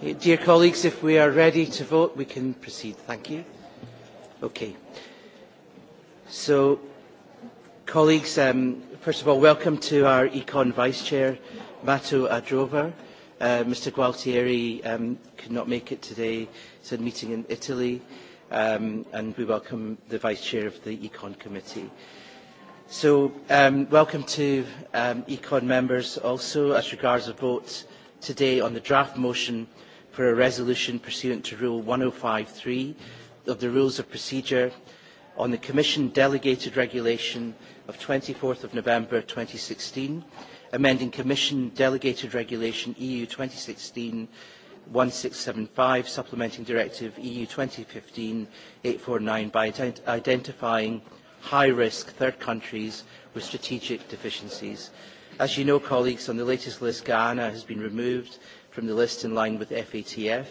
Dear colleagues, if we are ready to vote, we can proceed. Thank you. Okay. So, colleagues, um, first of all, welcome to our Econ Vice Chair, Mato Adrover. Uh, Mr. Gualtieri um, could not make it today. It's a meeting in Italy, um, and we welcome the Vice Chair of the Econ Committee. So, um, welcome to um, Econ members also as regards a vote today on the draft motion for a resolution pursuant to Rule 105.3 of the Rules of Procedure on the Commission Delegated Regulation of 24th of November 2016, amending Commission Delegated Regulation EU 2016 1675 supplementing directive EU 2015/849 by ident identifying high-risk third countries with strategic deficiencies. As you know, colleagues, on the latest list, Ghana has been removed from the list in line with FATF.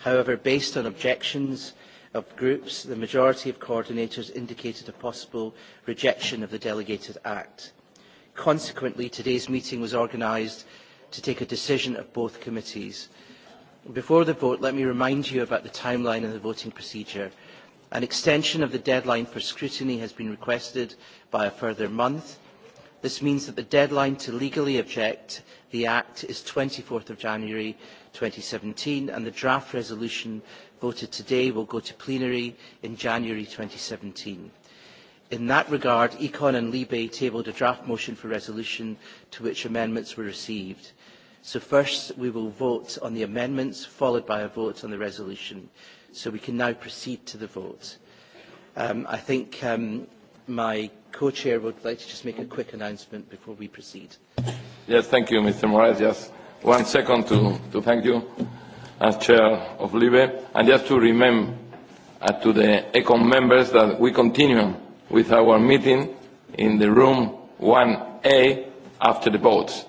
However, based on objections of groups, the majority of coordinators indicated a possible rejection of the delegated act. Consequently, today's meeting was organised to take a decision of both committees. Before the vote, let me remind you about the timeline and the voting procedure. An extension of the deadline for scrutiny has been requested by a further month This means that the deadline to legally object the Act is 24th of January 2017 and the draft resolution voted today will go to plenary in January 2017. In that regard, Econ and Libe tabled a draft motion for resolution to which amendments were received. So first we will vote on the amendments followed by a vote on the resolution. So we can now proceed to the vote. Um, I think um, my co-chair would like to just make a quick announcement before we proceed. Yes, thank you, Mr. Moraes. Just one second to, to thank you as chair of LIBE. And just to remember uh, to the ECON members that we continue with our meeting in the room 1A after the votes.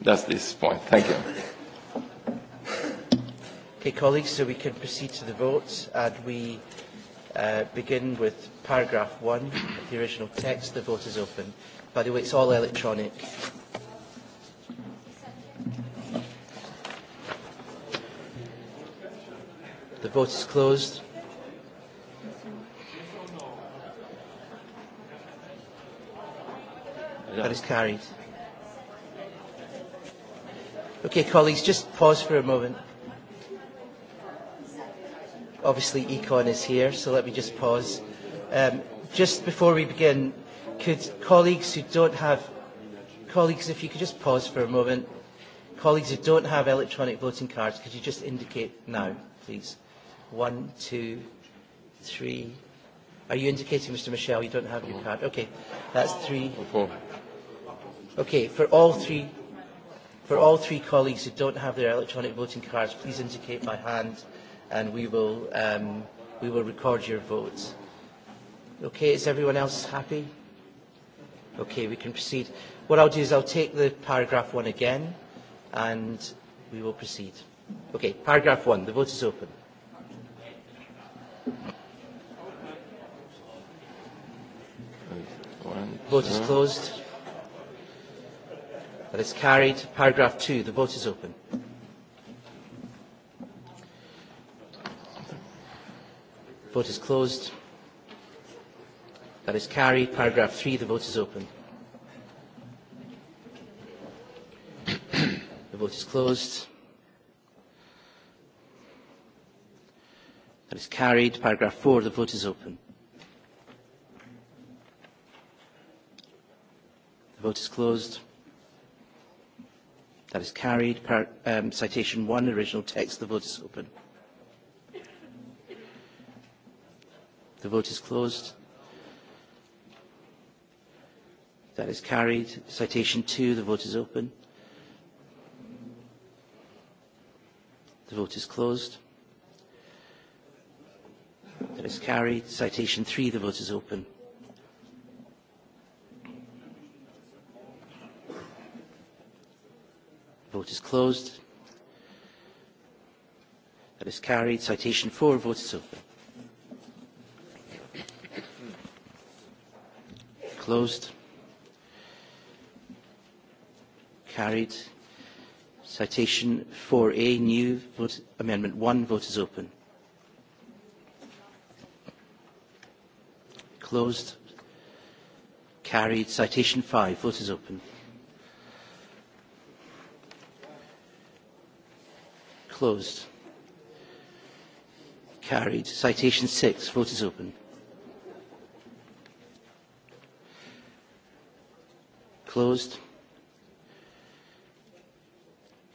That's this point. Thank you. Okay, colleagues, so we can proceed to the votes. And we uh, begin with paragraph one of the original text. The vote is open. By the way, it's all electronic. The vote is closed. That is carried. Okay, colleagues, just pause for a moment. Obviously, Econ is here, so let me just pause. Um, just before we begin, could colleagues who don't have... Colleagues, if you could just pause for a moment. Colleagues who don't have electronic voting cards, could you just indicate now, please? One, two, three... Are you indicating, Mr. Michel, you don't have your card? Okay, that's three. Okay, for all three... For all three colleagues who don't have their electronic voting cards, please indicate by hand and we will, um, we will record your votes. Okay, is everyone else happy? Okay, we can proceed. What I'll do is I'll take the paragraph one again and we will proceed. Okay, paragraph one, the vote is open. Vote is closed. That is carried. Paragraph two, the vote is open. Vote is closed. That is carried. Paragraph 3, the vote is open. the vote is closed. That is carried. Paragraph 4, the vote is open. The vote is closed. That is carried. Par um, citation 1, original text, the vote is open. The vote is closed. That is carried. Citation 2, the vote is open. The vote is closed. That is carried. Citation 3, the vote is open. Vote is closed. That is carried. Citation 4, vote is open. closed. Carried. Citation 4A, new vote, amendment 1, vote is open. Closed. Carried. Citation 5, vote is open. Closed. Carried. Citation 6, vote is open. Closed.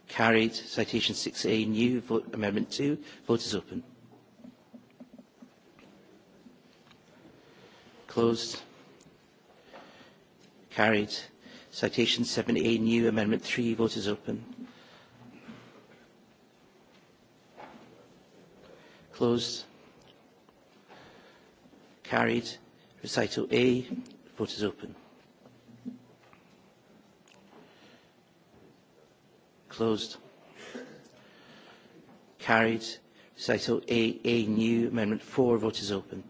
Carried. Citation 6A, new. Vote, amendment 2. Vote is open. Closed. Carried. Citation 7A, new. Amendment 3. Vote is open. Closed. Carried. Recital A. Vote is open. Closed. Carried. Recital A, A new. Amendment 4. Vote is open.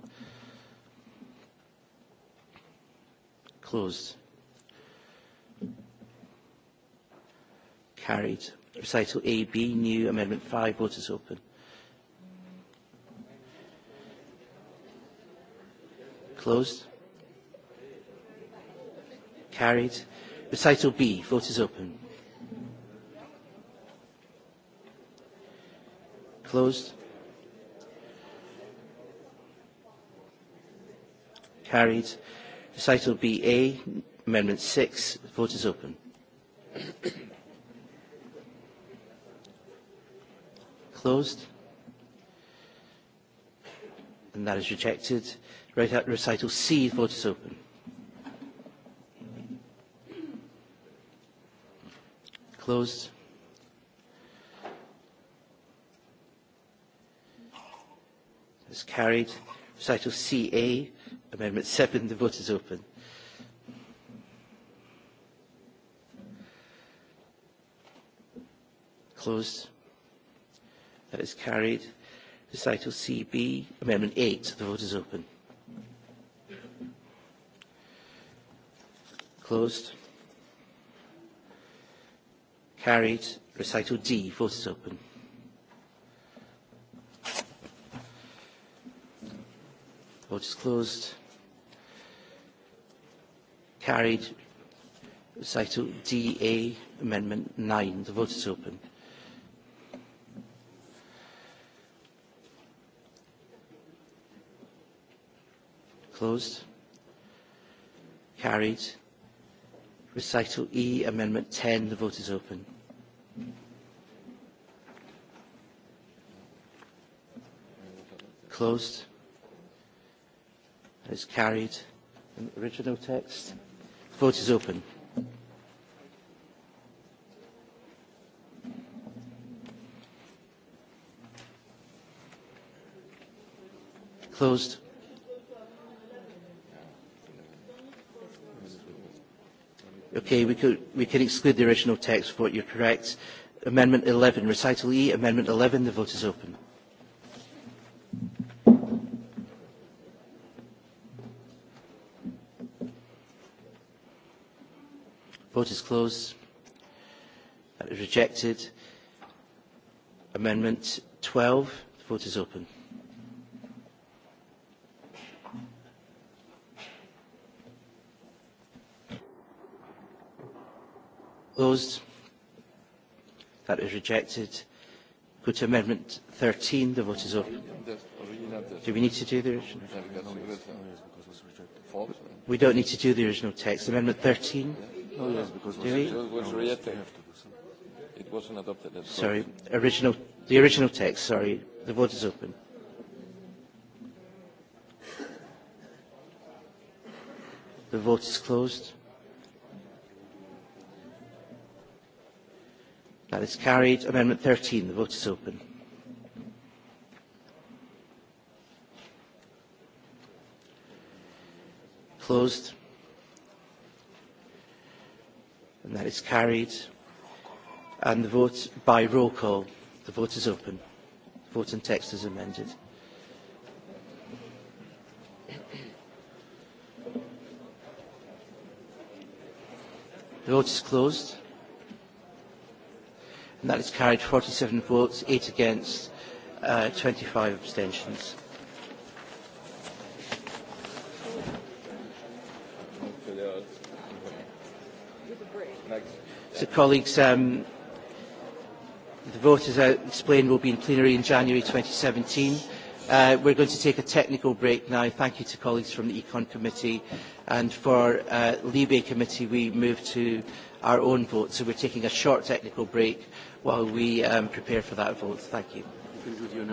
Closed. Carried. Recital A, B new. Amendment 5. Vote is open. Closed. Carried. Recital B. Vote is open. Closed. Carried. Recital BA, Amendment 6. The vote is open. Closed. And that is rejected. Right recital C, the vote is open. Closed. is carried. Recital CA, Amendment 7, the vote is open. Closed. That is carried. Recital C-B Amendment 8, the vote is open. Closed. Carried. Recital D, vote is open. Vote is closed. Carried. Recital DA, Amendment 9. The vote is open. Closed. Carried. Recital E, Amendment 10. The vote is open. Closed is carried in the original text. The vote is open. Closed. Okay, we, could, we can exclude the original text, but you're correct. Amendment 11, Recital E, Amendment 11, the vote is open. Vote is closed. That is rejected. Amendment 12. The vote is open. Closed. That is rejected. Go to Amendment 13. The vote is open. Do we need to do the original? We don't need to do the original text. Amendment 13. It wasn't adopted. Sorry, original, the original text, sorry. The vote is open. The vote is closed. That is carried. Amendment 13. The vote is open. Closed. That is carried. And the vote by roll call. The vote is open. The vote and text is amended. The vote is closed. And that is carried 47 votes, 8 against, uh, 25 abstentions. Colleagues, the vote, as I explained, will be in plenary in January 2017. Uh, we're going to take a technical break now. Thank you to colleagues from the Econ Committee. And for uh, Libe Committee, we move to our own vote. So we're taking a short technical break while we prepare for that vote. Thank you.